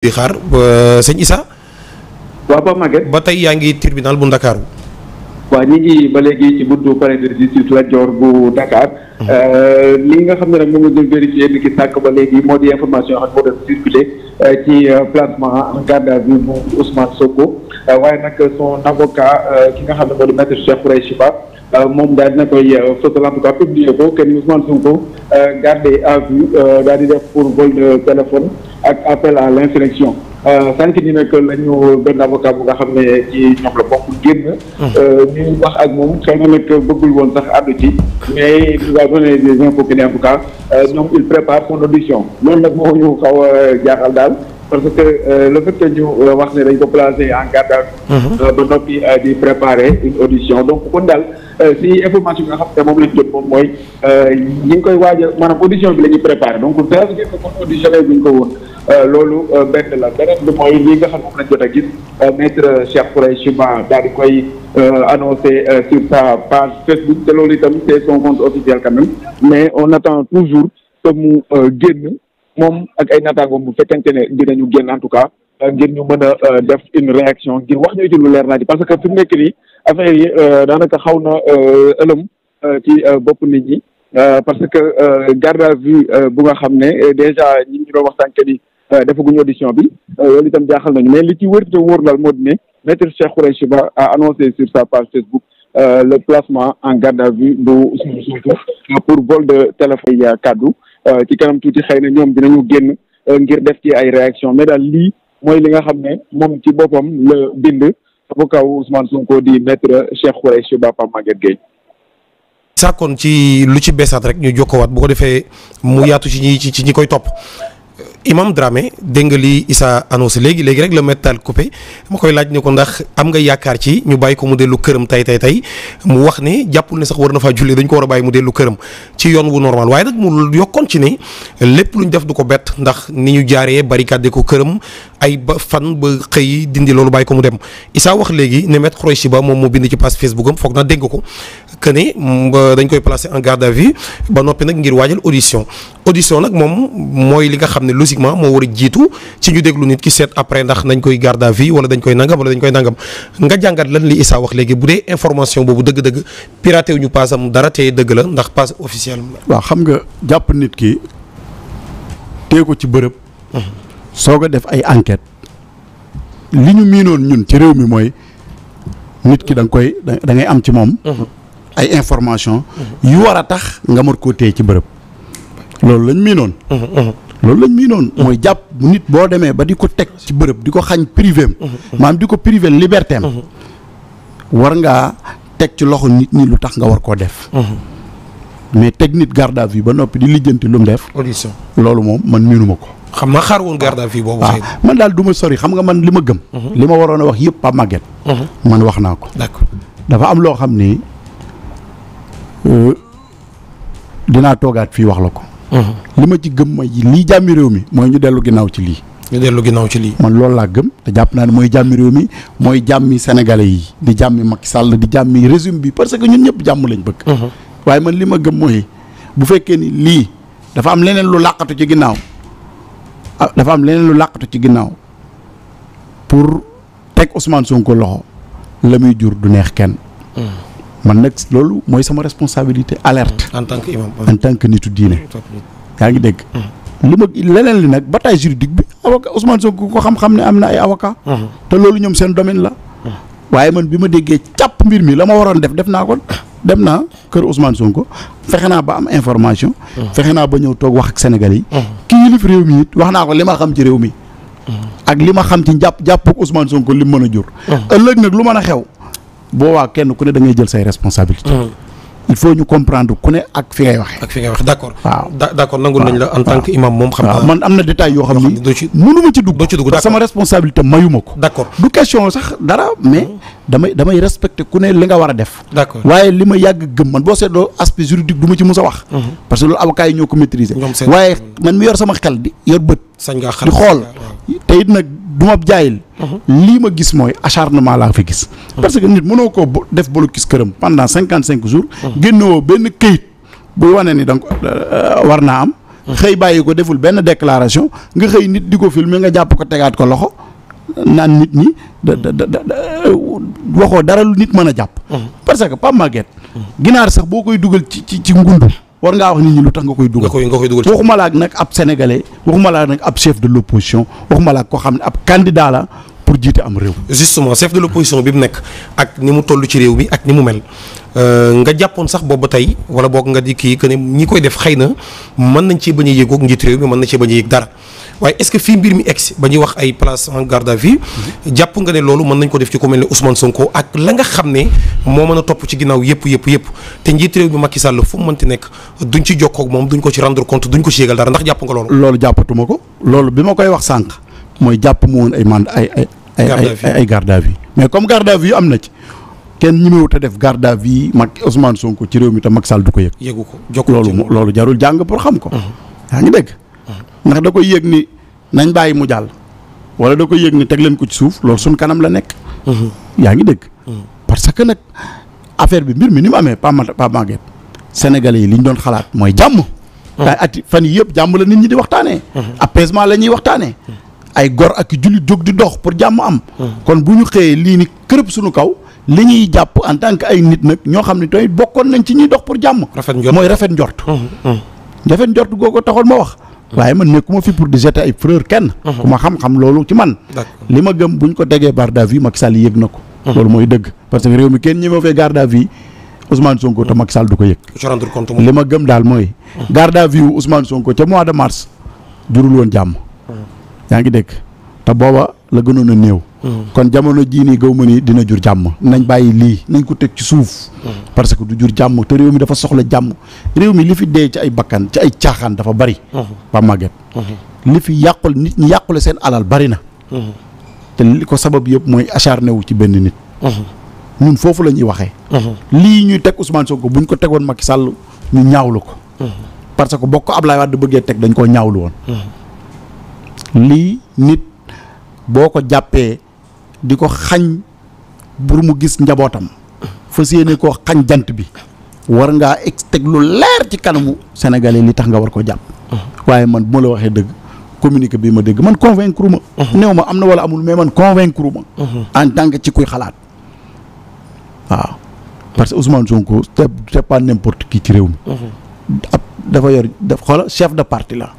di xaar sëñ Issa. waaw Pape Maguette ba tey yaa ngi tribunal bu Ndakaaru. waaw ñu ngi ba léegi ci buntu palais de justice Lat Dior bu Dakar. Hmm. Euh, li nga xam ne rek moom la ñu vérifié ba léegi moo di information yoo moo doon circulé euh, ci euh, placement en garde à bu Ousmane Sonko waaye nag son avocat ki nga xam ne moo di maître Cheikh Khoureychi Ba moom daal dina koy fësal en tout cas publié ko kenn Ousmane Sonko garde à daal di def pour vol de téléphone. ak appel à l'insurrection euh, sànq ni nag lañu benn avocat bu nga xam ne ci ñoom la bokk génn. Euh, ñu wax ak moom xëy na nag bëggul woon sax àddu ci mais il nous a donné des infos que en tout cas euh, il prépare son audition loolu nag moo ñu xaw a jaaxal daal. parce que euh, le fait que ñu euh, wax ne dañ ko placé en garde à mhm. euh, ba noppi di préparer une audition donc kon daal si information nga xam ne moom lañ jot moom mooy ñi ngi koy waaj maanaam audition bi la ñuy préparer donc ça veut dire loolu benn la beneen bi li nga xam moom lañ jot a gis maître Cheikh Khoureychi Ba daal di koy annoncé sur sa page Facebook te loolu itam c'est son compte officiel quand même mais on attend toujours que mu génn moom ak ay naataangoom bu fekkente ne ñu génn en tout cas euh, ngir ñu mën a euh, def une réaction ngir wax ñu ci lu leer naa ci parce que fi mu nekk nii affaire yi euh, daanaka xaw na ëlëm ci bopp nit ñi parce que garde à vue bu nga xam ne déjà ñi ñu doon waxtaan que ni defaguñu audition bi loolu itam jaaxal nañu leen li ci wër te wóor daal moo di ne maître Cheikh Khoureyssi Ba a annoncé sur sa page Facebook le placement en garde à vue de Ousmane Sonko pour vol téléphone Euh, ci kanam tuuti xëy na ñoom dinañu génn euh, ngir def ci ay réaction mais daal lii mooy li nga xam ne moom ci boppam la bind bu kaw Ousmane Sonko di maître Cheikh Khoureyssi Ba Pape Maguette Gueye sàkkoon ci lu ci beesaat rek ñu jokkowaat bu ko defee mu yaatu ci ñi ci ñi koy topp Imam Dramé dégg nga li Issa annoncé léegi léegi rek la métal coupé ma koy laaj ne ko ndax am nga yaakaar ci ñu bàyyi ko mu dellu këram tay tay tay mu wax ni jàppul ne sax war na faa julli dañ ko war a bàyyi mu dellu këram ci yoon wu normal waaye nag mu yokkoon ci ne lépp lu def du ko bett ndax ni ñu jaaree barricade ko këram ay ba fan ba xëy dindi loolu bàyyi ko mu dem Issa wax léegi ne Maître Khoureychi Ba moom moo bind ci page Facebook am foog naa dégg ko que ne mm, dañ koy placer en garde à vue ba noppi nag ngir waajal audition audition nag moom mooy li nga xam logiquement moo war a jiitu ci ñu déglu nit ki seet après ndax nañ koy garde à vue wala dañ koy nangam wala dañ koy nangam nga jàngat lan li Issa wax léegi bu dee information boobu dëgg-dëgg piraté wu ñu paasam dara te dëgg la ndax paas officiel waaw xam nga jàpp nit ki tee ko ci bërëb soog a def ay enquête li ñu miinoon ñun ci réew mi mooy nit ki da koy dangay am ci moom ay information yu war a tax nga mën koo téye ci bërëb loolu lañ miinoon loolu lañ mii noonu mm-hmm. mooy jàpp nit boo demee ba di ko teg ci bërëb di ko xañ privé mm-hmm. am di ko privé liberté am mm-hmm. war nga teg ci loxo nit ñi lu tax nga war koo def mais teg nit garde à vue ba noppi di lijjanti lu mu def loolu moom man miinuma ko xam nga xaar woon garde à vue boobu ah, man daal du sori xam nga man li ma gëm li ma waroon a wax yëpp pa màgget man wax naa ko d'accord dafa am loo xam ni euh, dinaa toogaat fii wax la ko li ma ci gëm mooy lii jàmmi réew mi mooy ñu dellu ginnaaw ci lii. ñu dellu ginnaaw ci lii. man loolu laa gëm te jàpp naa ne mooy jàmmi réew mi mooy jàmmi sénégalais yi di jàmmi Macky sàll di jàmmi régime bi parce que ñun ñëpp jàmm lañ bëgg. Mhm. waaye man li ma gëm mooy bu fekkee ni lii dafa am leneen lu làqatu ci ginnaaw ah, dafa am leneen lu làqatu ci ginnaaw pour teg Ousmane Sonko loxo la muy jur du neex kenn. Mhm. man nag loolu mooy sama responsabilité alerte. en tant que imam en diine. yaa ngi dégg. Hmm. li ma leneen li nag bataille juridique bi avocat Ousmane Sonko ko ko xam-xam ne am na ay avocat hmm. te loolu ñoom seen domaine la. Hmm. waaye man bi ma déggee càpp mbir mi la ma waroon def def naa ko dem naa kër Ousmane ko fexe naa ba am information. fexe naa ba ñëw toog wax ak Sénégalais yi. kii yilif réew mi it wax naa ko li ma xam ci réew mi. ak li ma xam ci jàpp jàpp Ousmane Sonko li mu mën a jur. ëllëg nag lu mën a xew. boobaa kenn ku ne da jël say responsabilité mm-hmm. il faut ñu comprendre ku ne ak fi ngay waxee. ak fi ngay waxee d' accord. waaw d' la en tant que imam moom. xam naa man am na détail yoo xam ni mënu ma ci dugg. ci dugg sama responsabilité mayu ma ko. d' accord du question sax dara mais. Mm-hmm. damay damay respecté ku ne li nga war a def. d'accord waaye li ma yàgg gëm man boo seetloo aspect juridique du ma ci mus a wax. Mhm. parce que loolu avocats ñoo ko maîtriser. waaye man mi yor sama xel di yor bët. di xool te it nag du ma jaayil. Mhm. lii ma gis mooy acharnement laa fi gis. Mhm. parce que nit mënoo koo def blocus këram pendant cinquante cinq jours. génnoo benn këyit buy wane ni donc euh, euh, war naa am. xëy bàyyi ko deful benn déclaration nga xëy nit di ko filmer nga jàpp ko tegaat naan nit ñi da da da waxoo dara lu nit mën a jàpp. Mm-hmm. parce que Pape Maguette. Mm-hmm. ginaar sax boo koy dugal ci ci ci ngund. war ngaa wax nit ñi lu tax nga koy dugal. nga koy nga koy dugal waxuma nag ab sénégalais waxuma la ak nag ab chef de l' opposition waxuma la ak koo xam ne ab candidat la pour jiite am réew. justement chef de l' opposition bi mu nekk ak ni mu toll ci réew mi ak ni mu mel euh, nga jàppoon sax boobu ba tey wala boog nga di kii que ne ñi koy def xëy na mën nañ ci bañ a yëgoog njiit mën nañ cee bañ a dara. waaye est-ce que fii mbir mi egsi ba ñuy wax ay place en garde à vue jàpp nga ne loolu mën nañ ko def ci ku mel ne Ousmane Sonko ak la nga xam ne moo mën a topp ci ginnaaw yëpp yëpp yëpp te njiit réew mi Sall fu mu mënti nekk duñ ci jokkoo ak moom ko ci rendre compte duñ ko ci yégal dara ndax jàpp nga loolu. loolu jàppatuma ko loolu bi ma koy wax sànq mooy jàpp mu woon ay mand ay ay. ay garde à mais comme garde à am na ci kenn ñemewut a def garde à mag Ousmane Sonko ci réew mi te Macky Sall du ko yëg. yëgu ko loolu loolu jarul jàng pour xam ko. Mhm. yaa ngi dégg ndax da koy yëg ni nañ bàyyi mu jàll wala da ko yëg ni teg leen ko ci suuf loolu suñ kanam la nekk. Mm-hmm. yaa ngi dégg. Mm-hmm. parce que nag affaire bi mbir mi ni mu amee pas pas Maguette sénégalais yi li ñu doon xalaat mooy jàmm. waaye mm-hmm. ati fan yii yëpp jàmm la nit ñi di waxtaanee. apaisement la ñuy waxtaanee. ay gor ak jullit jóg di dox pour jàmm am. kon bu ñu xëyee lii ni kërëb suñu kaw. li ñuy jàpp en tant que ay nit nag ñoo xam ne tooy bokkoon nañ ci ñuy dox pour jàmm. mooy rafet njort. rafet njort googu taxoon ma wax. waaye man nekkuma fi pour di jeter ay fleur kenn. Mhm. ku ma xam-xam loolu ci man. li ma gëm buñ ko tegee garde à vue Macky Sall yëg na ko. Mhm. loolu mooy dëgg parce que réew mi kenn ñemewu fee garde à vue Ousmane Sonko te Macky Sall du ko yëg. li ma gëm daal mooy. Mhm. garde à vue Ousmane Sonko ca mois de mars jurul woon jàmm. yaa ngi dégg te booba la gënoon a néew. Hmm. kon jamono jii nii gaw ma ni dina jur jàmm. nañ bàyyi lii nañ ko teg ci suuf. Hmm. parce que du jur jàmm te réew mi dafa soxla jàmm réew mi li fi dee ci ay bakkan ci ay caaxaan dafa bari. ba hmm. màgget. li fi yàqul nit ñi yàqule seen alal bari na. te li ko sabab yëpp mooy acharné wu ci benn nit. ñun foofu lañuy ñuy waxee. lii ñuy teg Ousmane Sonko buñ ko tegoon Macky Sall ñu ñaawlu ko. parce que bokk ko Ablaye Wade bëggee teg dañ koo ñaawlu woon. lii boo ko jàppee di ko xañ pour mu gis njabootam fas yéene koo xañ jant bi war ngaa teg lu leer ci kanamu sénégalais li tax nga war ko jàpp waaye man bu ma la waxee dëgg communiqué bii ma dëgg man convaincre ma ma am na wala amul mais man convaincre en tant que ci kuy xalaat waaw parce que Ousmane Sonko c'est pas n'importe qui ci réew mi ab dafa yor daf chef de parti la